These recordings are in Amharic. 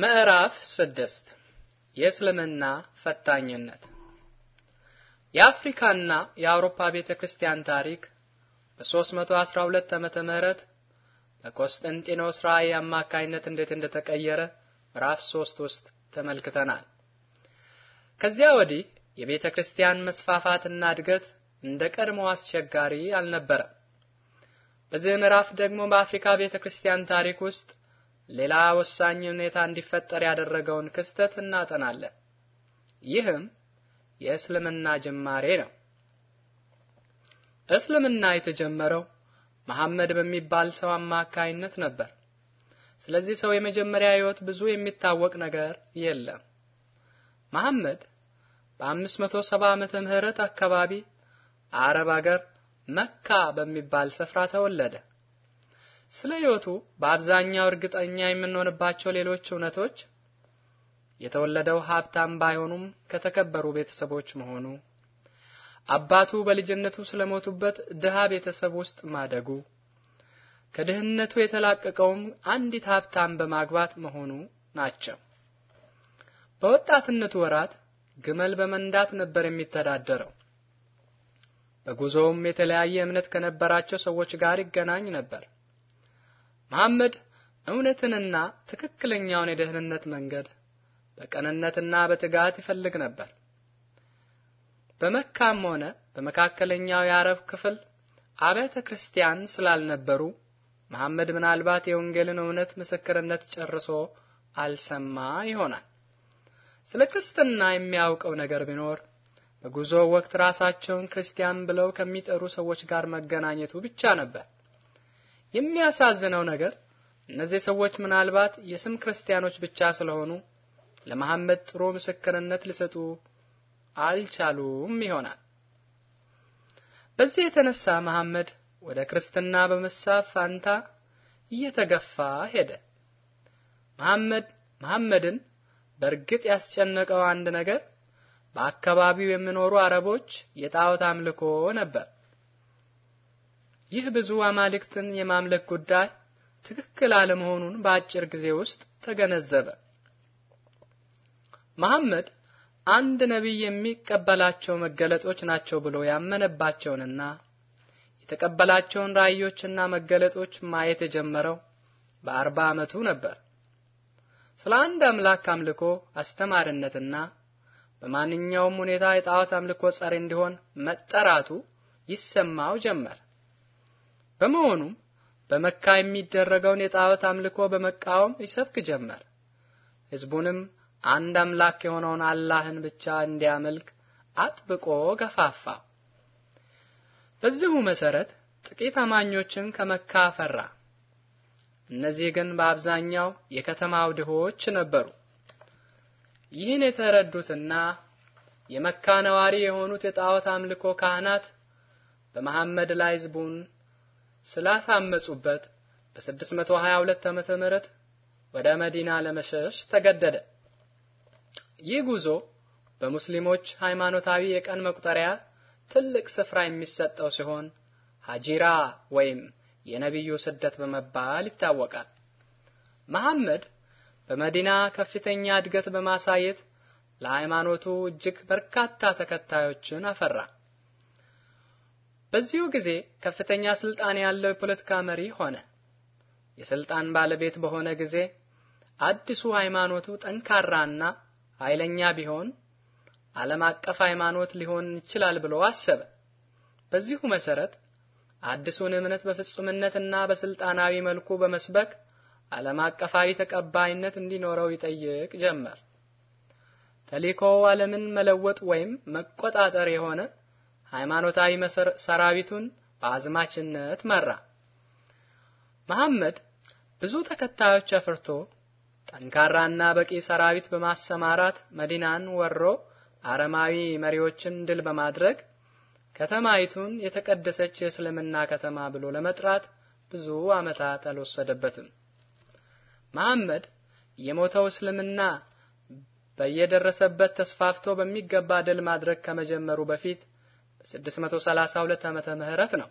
ምዕራፍ ስድስት የእስልምና ፈታኝነት የአፍሪካና የአውሮፓ ቤተ ክርስቲያን ታሪክ በ312 ዓመተ ምህረት በኮንስታንቲኖስ ራእይ አማካይነት እንዴት እንደተቀየረ ምዕራፍ 3 ውስጥ ተመልክተናል። ከዚያ ወዲህ የቤተ ክርስቲያን መስፋፋትና እድገት እንደ ቀድሞ አስቸጋሪ አልነበረም። በዚህ ምዕራፍ ደግሞ በአፍሪካ ቤተ ክርስቲያን ታሪክ ውስጥ ሌላ ወሳኝ ሁኔታ እንዲፈጠር ያደረገውን ክስተት እናጠናለን። ይህም የእስልምና ጅማሬ ነው። እስልምና የተጀመረው መሐመድ በሚባል ሰው አማካይነት ነበር። ስለዚህ ሰው የመጀመሪያ ህይወት ብዙ የሚታወቅ ነገር የለም። መሐመድ በ570 ዓመተ ምህረት አካባቢ አረብ አገር መካ በሚባል ስፍራ ተወለደ። ስለ ሕይወቱ በአብዛኛው እርግጠኛ የምንሆንባቸው ሌሎች እውነቶች የተወለደው ሀብታም ባይሆኑም ከተከበሩ ቤተሰቦች መሆኑ፣ አባቱ በልጅነቱ ስለሞቱበት ድሃ ቤተሰብ ውስጥ ማደጉ፣ ከድህነቱ የተላቀቀውም አንዲት ሀብታም በማግባት መሆኑ ናቸው። በወጣትነቱ ወራት ግመል በመንዳት ነበር የሚተዳደረው። በጉዞውም የተለያየ እምነት ከነበራቸው ሰዎች ጋር ይገናኝ ነበር። መሐመድ እውነትንና ትክክለኛውን የደህንነት መንገድ በቀንነትና በትጋት ይፈልግ ነበር። በመካም ሆነ በመካከለኛው የአረብ ክፍል አብያተ ክርስቲያን ስላልነበሩ መሐመድ ምናልባት የወንጌልን እውነት ምስክርነት ጨርሶ አልሰማ ይሆናል። ስለ ክርስትና የሚያውቀው ነገር ቢኖር በጉዞ ወቅት ራሳቸውን ክርስቲያን ብለው ከሚጠሩ ሰዎች ጋር መገናኘቱ ብቻ ነበር። የሚያሳዝነው ነገር እነዚህ ሰዎች ምናልባት የስም ክርስቲያኖች ብቻ ስለሆኑ ለመሐመድ ጥሩ ምስክርነት ሊሰጡ አልቻሉም ይሆናል። በዚህ የተነሳ መሐመድ ወደ ክርስትና በመሳብ ፋንታ እየተገፋ ሄደ። መሐመድ መሐመድን በእርግጥ ያስጨነቀው አንድ ነገር በአካባቢው የሚኖሩ አረቦች የጣዖት አምልኮ ነበር። ይህ ብዙ አማልክትን የማምለክ ጉዳይ ትክክል አለመሆኑን በአጭር ጊዜ ውስጥ ተገነዘበ። መሐመድ አንድ ነቢይ የሚቀበላቸው መገለጦች ናቸው ብሎ ያመነባቸውንና የተቀበላቸውን ራእዮችና መገለጦች ማየት የጀመረው በአርባ ዓመቱ ነበር። ስለ አንድ አምላክ አምልኮ አስተማሪነትና በማንኛውም ሁኔታ የጣዖት አምልኮ ጸር እንዲሆን መጠራቱ ይሰማው ጀመር። በመሆኑም በመካ የሚደረገውን የጣዖት አምልኮ በመቃወም ይሰብክ ጀመር። ሕዝቡንም አንድ አምላክ የሆነውን አላህን ብቻ እንዲያመልክ አጥብቆ ገፋፋው። በዚሁ መሰረት ጥቂት አማኞችን ከመካ አፈራ። እነዚህ ግን በአብዛኛው የከተማው ድሆች ነበሩ። ይህን የተረዱትና የመካ ነዋሪ የሆኑት የጣዖት አምልኮ ካህናት በመሐመድ ላይ ሕዝቡን ስላሳመጹበት በ622 ዓመተ ምህረት ወደ መዲና ለመሸሽ ተገደደ። ይህ ጉዞ በሙስሊሞች ሃይማኖታዊ የቀን መቁጠሪያ ትልቅ ስፍራ የሚሰጠው ሲሆን ሀጂራ ወይም የነቢዩ ስደት በመባል ይታወቃል። መሐመድ በመዲና ከፍተኛ እድገት በማሳየት ለሃይማኖቱ እጅግ በርካታ ተከታዮችን አፈራ። በዚሁ ጊዜ ከፍተኛ ስልጣን ያለው የፖለቲካ መሪ ሆነ። የስልጣን ባለቤት በሆነ ጊዜ አዲሱ ሃይማኖቱ ጠንካራና ኃይለኛ ቢሆን ዓለም አቀፍ ሃይማኖት ሊሆን ይችላል ብሎ አሰበ። በዚሁ መሰረት አዲሱን እምነት በፍጹምነትና በስልጣናዊ መልኩ በመስበክ ዓለም አቀፋዊ ተቀባይነት እንዲኖረው ይጠይቅ ጀመር። ተልእኮው ዓለምን መለወጥ ወይም መቆጣጠር የሆነ ሃይማኖታዊ ሰራዊቱን በአዝማችነት መራ። መሐመድ ብዙ ተከታዮች አፍርቶ ጠንካራና በቂ ሰራዊት በማሰማራት መዲናን ወሮ አረማዊ መሪዎችን ድል በማድረግ ከተማይቱን የተቀደሰች የእስልምና ከተማ ብሎ ለመጥራት ብዙ ዓመታት አልወሰደበትም። መሐመድ የሞተው እስልምና በየደረሰበት ተስፋፍቶ በሚገባ ድል ማድረግ ከመጀመሩ በፊት 632 ዓመተ ምህረት ነው።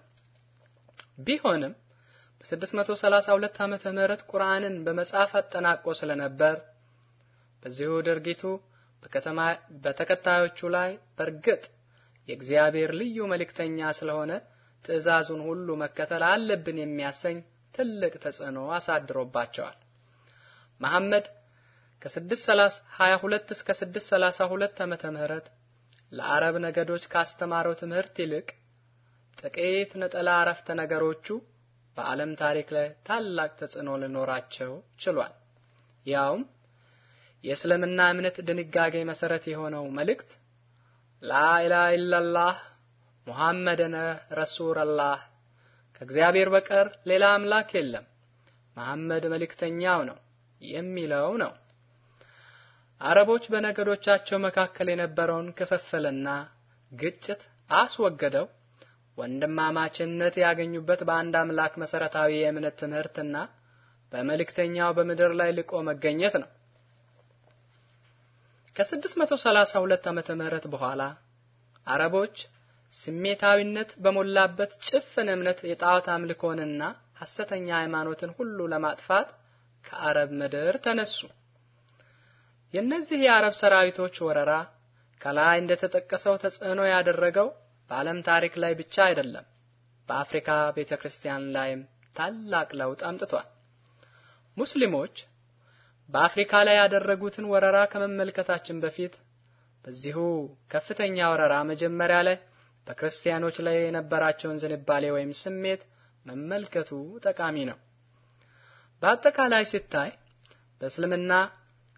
ቢሆንም በ632 ዓመተ ምህረት ቁርአንን በመጻፍ አጠናቆ ስለነበር በዚሁ ድርጊቱ በከተማ በተከታዮቹ ላይ በእርግጥ የእግዚአብሔር ልዩ መልእክተኛ ስለሆነ ትእዛዙን ሁሉ መከተል አለብን የሚያሰኝ ትልቅ ተጽዕኖ አሳድሮባቸዋል። መሐመድ ከ622 እስከ 632 ዓመተ ምህረት ለአረብ ነገዶች ካስተማረው ትምህርት ይልቅ ጥቂት ነጠላ አረፍተ ነገሮቹ በዓለም ታሪክ ላይ ታላቅ ተጽዕኖ ሊኖራቸው ችሏል። ያውም የእስልምና እምነት ድንጋጌ መሰረት የሆነው መልእክት ላኢላሃ ኢላላህ ሙሐመድነ ረሱላላህ ከእግዚአብሔር በቀር ሌላ አምላክ የለም፣ መሐመድ መልእክተኛው ነው የሚለው ነው። አረቦች በነገዶቻቸው መካከል የነበረውን ክፍፍልና ግጭት አስወገደው። ወንድማማችነት ያገኙበት በአንድ አምላክ መሰረታዊ የእምነት ትምህርትና በመልእክተኛው በምድር ላይ ልቆ መገኘት ነው። ከ632 ዓመተ ምህረት በኋላ አረቦች ስሜታዊነት በሞላበት ጭፍን እምነት የጣዖት አምልኮንና ሐሰተኛ ሃይማኖትን ሁሉ ለማጥፋት ከአረብ ምድር ተነሱ። የእነዚህ የአረብ ሰራዊቶች ወረራ ከላይ እንደተጠቀሰው ተጽዕኖ ያደረገው በዓለም ታሪክ ላይ ብቻ አይደለም፣ በአፍሪካ ቤተክርስቲያን ላይም ታላቅ ለውጥ አምጥቷል። ሙስሊሞች በአፍሪካ ላይ ያደረጉትን ወረራ ከመመልከታችን በፊት በዚሁ ከፍተኛ ወረራ መጀመሪያ ላይ በክርስቲያኖች ላይ የነበራቸውን ዝንባሌ ወይም ስሜት መመልከቱ ጠቃሚ ነው። በአጠቃላይ ሲታይ በእስልምና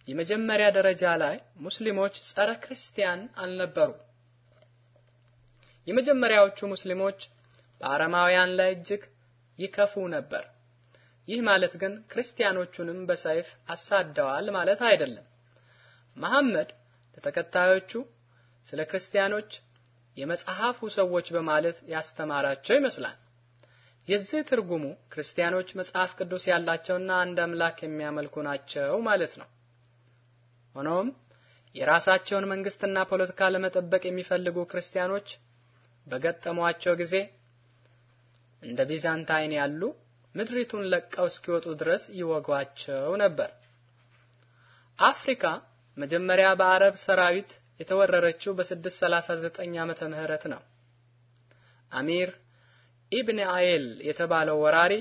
የመጀመሪያ ደረጃ ላይ ሙስሊሞች ጸረ ክርስቲያን አልነበሩ። የመጀመሪያዎቹ ሙስሊሞች በአረማውያን ላይ እጅግ ይከፉ ነበር። ይህ ማለት ግን ክርስቲያኖቹንም በሰይፍ አሳደዋል ማለት አይደለም። መሐመድ ለተከታዮቹ ስለ ክርስቲያኖች የመጽሐፉ ሰዎች በማለት ያስተማራቸው ይመስላል። የዚህ ትርጉሙ ክርስቲያኖች መጽሐፍ ቅዱስ ያላቸውና አንድ አምላክ የሚያመልኩ ናቸው ማለት ነው። ሆኖም የራሳቸውን መንግስትና ፖለቲካ ለመጠበቅ የሚፈልጉ ክርስቲያኖች በገጠሟቸው ጊዜ እንደ ቢዛንታይን ያሉ ምድሪቱን ለቀው እስኪወጡ ድረስ ይወጓቸው ነበር። አፍሪካ መጀመሪያ በአረብ ሰራዊት የተወረረችው በ639 ዓመተ ምህረት ነው። አሚር ኢብን አይል የተባለው ወራሪ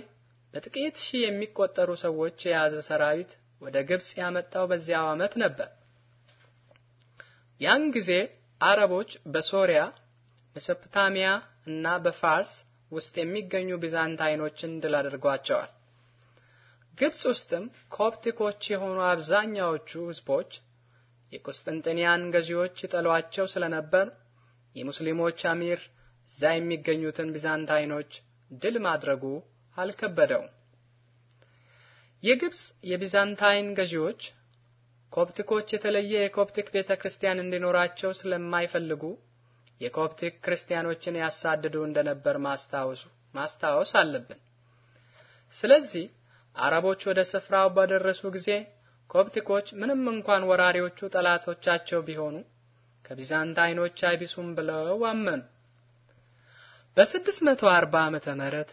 በጥቂት ሺህ የሚቆጠሩ ሰዎች የያዘ ሰራዊት ወደ ግብጽ ያመጣው በዚያው ዓመት ነበር። ያን ጊዜ አረቦች በሶሪያ መሶፖታሚያ እና በፋርስ ውስጥ የሚገኙ ቢዛንታይኖችን ድል አድርጓቸዋል። ግብጽ ውስጥም ኮፕቲኮች የሆኑ አብዛኛዎቹ ህዝቦች የቁስጥንጥንያን ገዢዎች ይጠሏቸው ስለነበር የሙስሊሞች አሚር እዛ የሚገኙትን ቢዛንታይኖች ድል ማድረጉ አልከበደውም። የግብጽ የቢዛንታይን ገዢዎች ኮፕቲኮች የተለየ የኮፕቲክ ቤተ ክርስቲያን እንዲኖራቸው ስለማይፈልጉ የኮፕቲክ ክርስቲያኖችን ያሳድዱ እንደነበር ማስታወስ አለብን። ስለዚህ አረቦች ወደ ስፍራው በደረሱ ጊዜ ኮፕቲኮች ምንም እንኳን ወራሪዎቹ ጠላቶቻቸው ቢሆኑ ከቢዛንታይኖች አይቢሱም ብለው አመኑ። በ640 ዓመተ ምህረት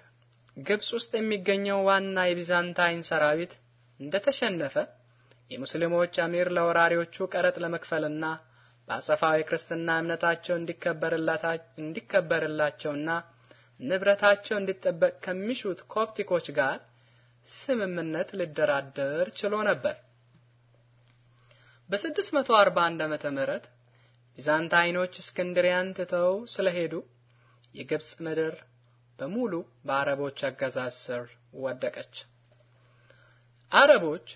ግብጽ ውስጥ የሚገኘው ዋና የቢዛንታይን ሰራዊት እንደተሸነፈ የሙስሊሞች አሚር ለወራሪዎቹ ቀረጥ ለመክፈልና በአጸፋዊ ክርስትና እምነታቸው እንዲከበርላቸውና ንብረታቸው እንዲጠበቅ ከሚሹት ኮፕቲኮች ጋር ስምምነት ሊደራደር ችሎ ነበር። በ641 ዓመተ ምህረት ቢዛንታይኖች እስክንድሪያን ትተው ስለሄዱ የግብጽ ምድር በሙሉ በአረቦች አገዛዝ ስር ወደቀች። አረቦች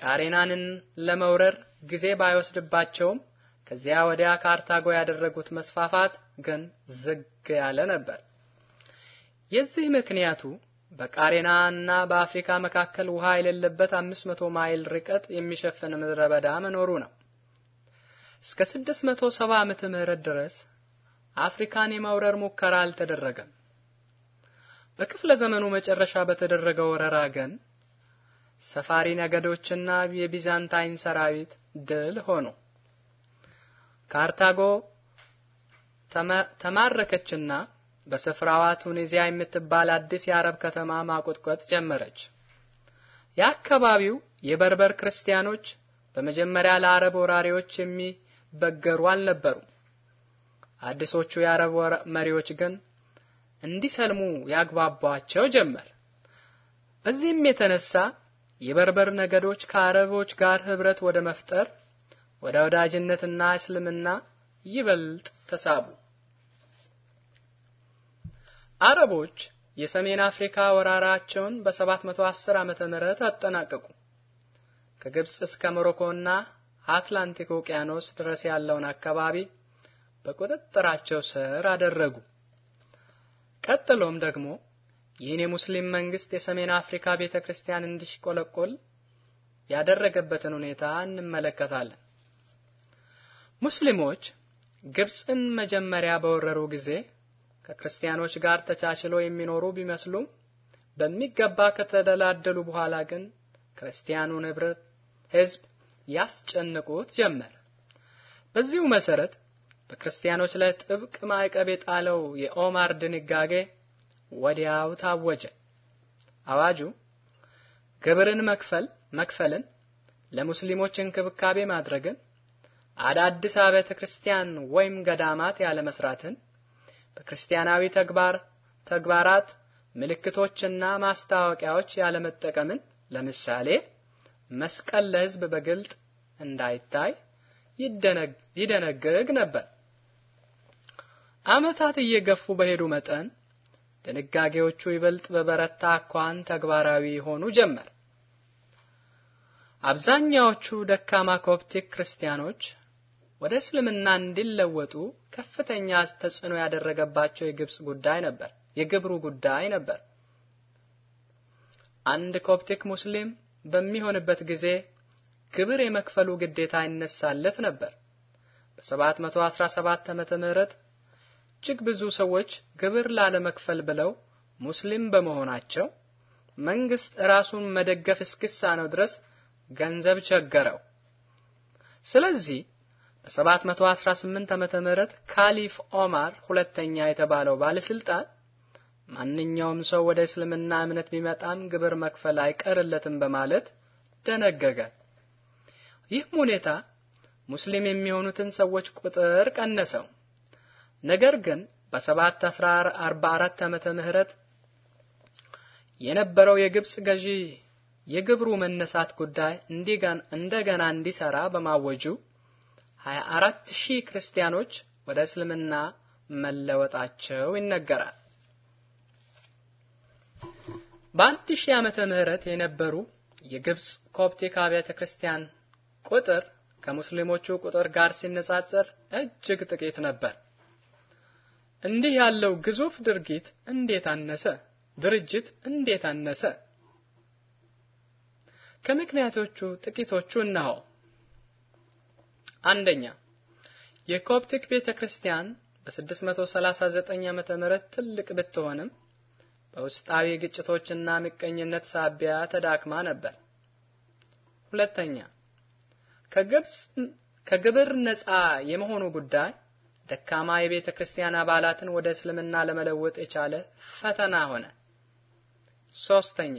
ቃሬናንን ለመውረር ጊዜ ባይወስድባቸውም ከዚያ ወዲያ ካርታጎ ያደረጉት መስፋፋት ግን ዝግ ያለ ነበር። የዚህ ምክንያቱ በቃሬናና በአፍሪካ መካከል ውሃ የሌለበት 500 ማይል ርቀት የሚሸፍን ምድረ በዳ መኖሩ ነው። እስከ 670 ዓመተ ምህረት ድረስ አፍሪካን የመውረር ሙከራ አልተደረገም። በክፍለ ዘመኑ መጨረሻ በተደረገው ወረራ ግን ሰፋሪ ነገዶችና የቢዛንታይን ሰራዊት ድል ሆኑ። ካርታጎ ተማረከችና በስፍራዋ ቱኒዚያ የምትባል አዲስ የአረብ ከተማ ማቆጥቆጥ ጀመረች። የአካባቢው የበርበር ክርስቲያኖች በመጀመሪያ ለአረብ ወራሪዎች የሚበገሩ አልነበሩ። አዲሶቹ የአረብ መሪዎች ግን እንዲሰልሙ ያግባባቸው ጀመር። በዚህም የተነሳ የበርበር ነገዶች ከአረቦች ጋር ህብረት ወደ መፍጠር ወደ ወዳጅነትና እስልምና ይበልጥ ተሳቡ። አረቦች የሰሜን አፍሪካ ወራራቸውን በ710 ዓመተ ምህረት አጠናቀቁ። ከግብጽ እስከ ሞሮኮና አትላንቲክ ውቅያኖስ ድረስ ያለውን አካባቢ በቁጥጥራቸው ስር አደረጉ። ቀጥሎም ደግሞ ይህን የሙስሊም መንግስት የሰሜን አፍሪካ ቤተክርስቲያን እንዲሽቆለቆል ያደረገበትን ሁኔታ እንመለከታለን። ሙስሊሞች ግብፅን መጀመሪያ በወረሩ ጊዜ ከክርስቲያኖች ጋር ተቻችለው የሚኖሩ ቢመስሉም በሚገባ ከተደላደሉ በኋላ ግን ክርስቲያኑን ህብረት ህዝብ ያስጨንቁት ጀመር። በዚሁ መሰረት በክርስቲያኖች ላይ ጥብቅ ማዕቀብ የጣለው የኦማር ድንጋጌ ወዲያው ታወጀ። አዋጁ ግብርን መክፈል መክፈልን፣ ለሙስሊሞች እንክብካቤ ማድረግን፣ አዳዲስ አብያተ ክርስቲያን ወይም ገዳማት ያለ መስራትን፣ በክርስቲያናዊ ተግባር ተግባራት ምልክቶችና ማስታወቂያዎች ያለ መጠቀምን፣ ለምሳሌ መስቀል ለሕዝብ በግልጥ እንዳይታይ ይደነግግ ነበር። ዓመታት እየገፉ በሄዱ መጠን ድንጋጌዎቹ ይበልጥ በበረታ አኳኋን ተግባራዊ ሆኑ ጀመር። አብዛኛዎቹ ደካማ ኮፕቲክ ክርስቲያኖች ወደ እስልምና እንዲለወጡ ከፍተኛ ተጽዕኖ ያደረገባቸው የግብጽ ጉዳይ ነበር የግብሩ ጉዳይ ነበር። አንድ ኮፕቲክ ሙስሊም በሚሆንበት ጊዜ ግብር የመክፈሉ ግዴታ ይነሳለት ነበር። በ717 ዓመተ ምህረት እጅግ ብዙ ሰዎች ግብር ላለመክፈል ብለው ሙስሊም በመሆናቸው መንግስት ራሱን መደገፍ ነው ድረስ ገንዘብ ቸገረው። ስለዚህ በ718 ዓመተ ምህረት ካሊፍ ኦማር ሁለተኛ የተባለው ባለስልጣን ማንኛውም ሰው ወደ እስልምና እምነት ቢመጣም ግብር መክፈል አይቀርለትም በማለት ደነገገ። ይህም ሁኔታ ሙስሊም የሚሆኑትን ሰዎች ቁጥር ቀነሰው። ነገር ግን በ744 ዓመተ ምህረት የነበረው የግብጽ ገዢ የግብሩ መነሳት ጉዳይ እንደገና እንዲሰራ በማወጁ 24000 ክርስቲያኖች ወደ እስልምና መለወጣቸው ይነገራል። በአንድ ሺህ ዓመተ ምህረት የነበሩ የግብጽ ኮፕቲክ አብያተ ክርስቲያን ቁጥር ከሙስሊሞቹ ቁጥር ጋር ሲነጻጸር እጅግ ጥቂት ነበር። እንዲህ ያለው ግዙፍ ድርጊት እንዴት አነሰ? ድርጅት እንዴት አነሰ? ከምክንያቶቹ ጥቂቶቹ እነሆ። አንደኛ የኮፕቲክ ቤተክርስቲያን በ639 ዓመተ ምህረት ትልቅ ብትሆንም በውስጣዊ ግጭቶችና ምቀኝነት ሳቢያ ተዳክማ ነበር። ሁለተኛ ከግብጽ ከግብር ነፃ የመሆኑ ጉዳይ ደካማ የቤተ ክርስቲያን አባላትን ወደ እስልምና ለመለወጥ የቻለ ፈተና ሆነ። ሶስተኛ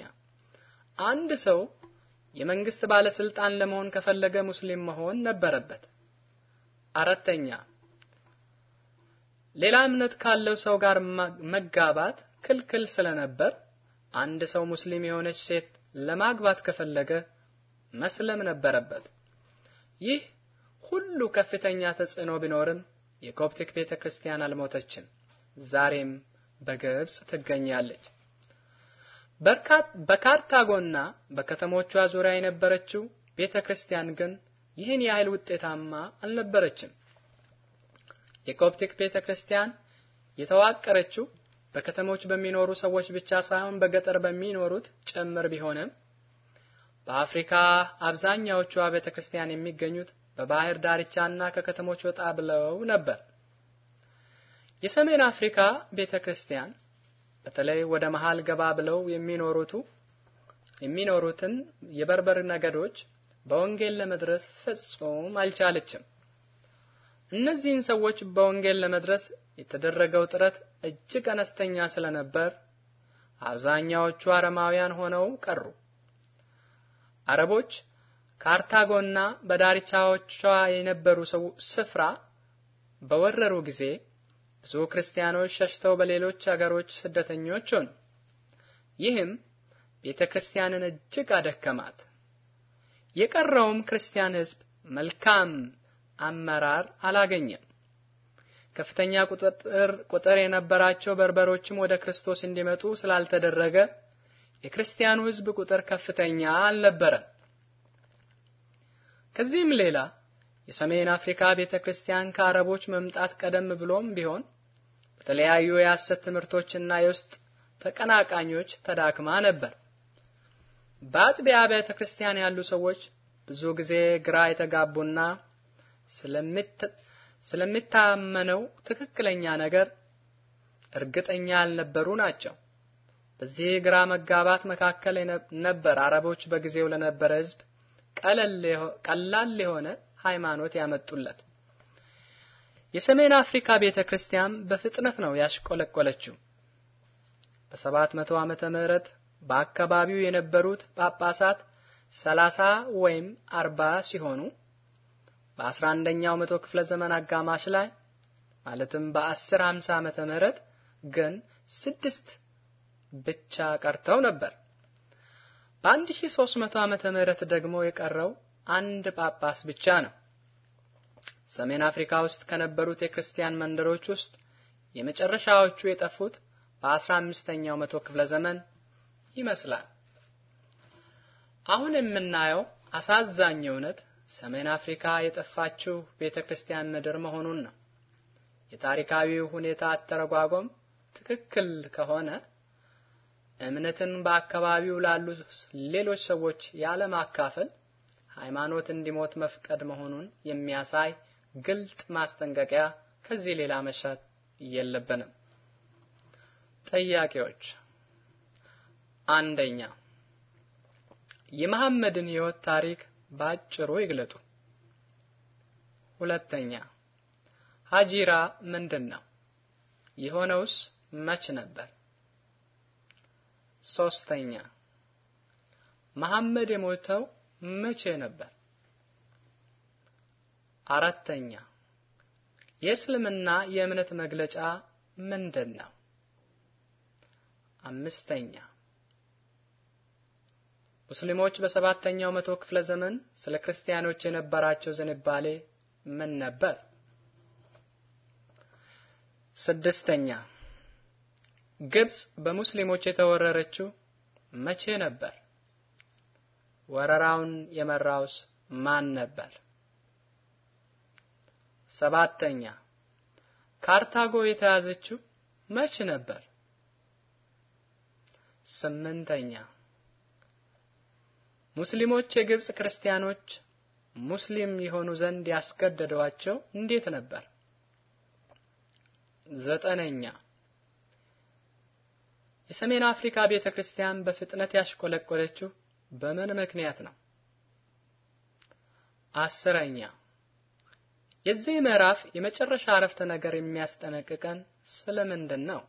አንድ ሰው የመንግስት ባለስልጣን ለመሆን ከፈለገ ሙስሊም መሆን ነበረበት። አራተኛ ሌላ እምነት ካለው ሰው ጋር መጋባት ክልክል ስለነበር አንድ ሰው ሙስሊም የሆነች ሴት ለማግባት ከፈለገ መስለም ነበረበት። ይህ ሁሉ ከፍተኛ ተጽዕኖ ቢኖርም የኮፕቲክ ቤተ ክርስቲያን አልሞተችም፣ ዛሬም በግብጽ ትገኛለች። በካርታጎና በከተሞቿ ዙሪያ የነበረችው ቤተ ክርስቲያን ግን ይህን ያህል ውጤታማ አልነበረችም። የኮፕቲክ ቤተ ክርስቲያን የተዋቀረችው በከተሞች በሚኖሩ ሰዎች ብቻ ሳይሆን በገጠር በሚኖሩት ጭምር ቢሆንም በአፍሪካ አብዛኛዎቹ ቤተ ክርስቲያን የሚገኙት በባህር ዳርቻና ከከተሞች ወጣ ብለው ነበር። የሰሜን አፍሪካ ቤተክርስቲያን በተለይ ወደ መሃል ገባ ብለው የሚኖሩቱ የሚኖሩትን የበርበር ነገዶች በወንጌል ለመድረስ ፍጹም አልቻለችም። እነዚህን ሰዎች በወንጌል ለመድረስ የተደረገው ጥረት እጅግ አነስተኛ ስለነበር አብዛኛዎቹ አረማውያን ሆነው ቀሩ። አረቦች ካርታጎና በዳርቻዎቿ የነበሩ ስፍራ በወረሩ ጊዜ ብዙ ክርስቲያኖች ሸሽተው በሌሎች አገሮች ስደተኞች ሆኑ። ይህም ቤተ ክርስቲያንን እጅግ አደከማት። የቀረውም ክርስቲያን ሕዝብ መልካም አመራር አላገኘም። ከፍተኛ ቁጥር ቁጥር የነበራቸው በርበሮችም ወደ ክርስቶስ እንዲመጡ ስላልተደረገ የክርስቲያኑ ሕዝብ ቁጥር ከፍተኛ አልነበረም። ከዚህም ሌላ የሰሜን አፍሪካ ቤተክርስቲያን ከአረቦች መምጣት ቀደም ብሎም ቢሆን በተለያዩ የሐሰት ትምህርቶችና የውስጥ ተቀናቃኞች ተዳክማ ነበር። በአጥቢያ ቤተ ክርስቲያን ያሉ ሰዎች ብዙ ጊዜ ግራ የተጋቡና ስለሚታመነው ትክክለኛ ነገር እርግጠኛ ያልነበሩ ናቸው። በዚህ ግራ መጋባት መካከል ነበር አረቦች በጊዜው ለነበረ ሕዝብ ቀላል የሆነ ሃይማኖት ያመጡለት። የሰሜን አፍሪካ ቤተ ክርስቲያን በፍጥነት ነው ያሽቆለቆለችው። በ700 ዓመተ ምህረት በአካባቢው የነበሩት ጳጳሳት 30 ወይም 40 ሲሆኑ በ11ኛው መቶ ክፍለ ዘመን አጋማሽ ላይ ማለትም በ1050 ዓመተ ምህረት ግን ስድስት ብቻ ቀርተው ነበር። በ1300 ዓመተ ምህረት ደግሞ የቀረው አንድ ጳጳስ ብቻ ነው። ሰሜን አፍሪካ ውስጥ ከነበሩት የክርስቲያን መንደሮች ውስጥ የመጨረሻዎቹ የጠፉት በ15ኛው መቶ ክፍለ ዘመን ይመስላል። አሁን የምናየው አሳዛኝ እውነት ሰሜን አፍሪካ የጠፋችው ቤተ ክርስቲያን ምድር መሆኑን ነው። የታሪካዊው ሁኔታ አተረጓጎም ትክክል ከሆነ እምነትን በአካባቢው ላሉ ሌሎች ሰዎች ያለማካፈል ሃይማኖት እንዲሞት መፍቀድ መሆኑን የሚያሳይ ግልጥ ማስጠንቀቂያ ከዚህ ሌላ መሻት የለብንም። ጥያቄዎች፣ አንደኛ የመሐመድን ሕይወት ታሪክ ባጭሩ ይግለጡ። ሁለተኛ ሀጂራ ምንድን ነው? የሆነውስ መች ነበር? ሶስተኛ መሐመድ የሞተው መቼ ነበር? አራተኛ የእስልምና የእምነት መግለጫ ምንድን ነው? አምስተኛ ሙስሊሞች በሰባተኛው መቶ ክፍለ ዘመን ስለ ክርስቲያኖች የነበራቸው ዝንባሌ ምን ነበር? ስድስተኛ ግብጽ በሙስሊሞች የተወረረችው መቼ ነበር? ወረራውን የመራውስ ማን ነበር? ሰባተኛ ካርታጎ የተያዘችው መች ነበር? ስምንተኛ ሙስሊሞች የግብጽ ክርስቲያኖች ሙስሊም የሆኑ ዘንድ ያስገደዷቸው እንዴት ነበር? ዘጠነኛ የሰሜን አፍሪካ ቤተ ክርስቲያን በፍጥነት ያሽቆለቆለችው በምን ምክንያት ነው? አስረኛ የዚህ ምዕራፍ የመጨረሻ አረፍተ ነገር የሚያስጠነቅቀን ስለምንድን ነው?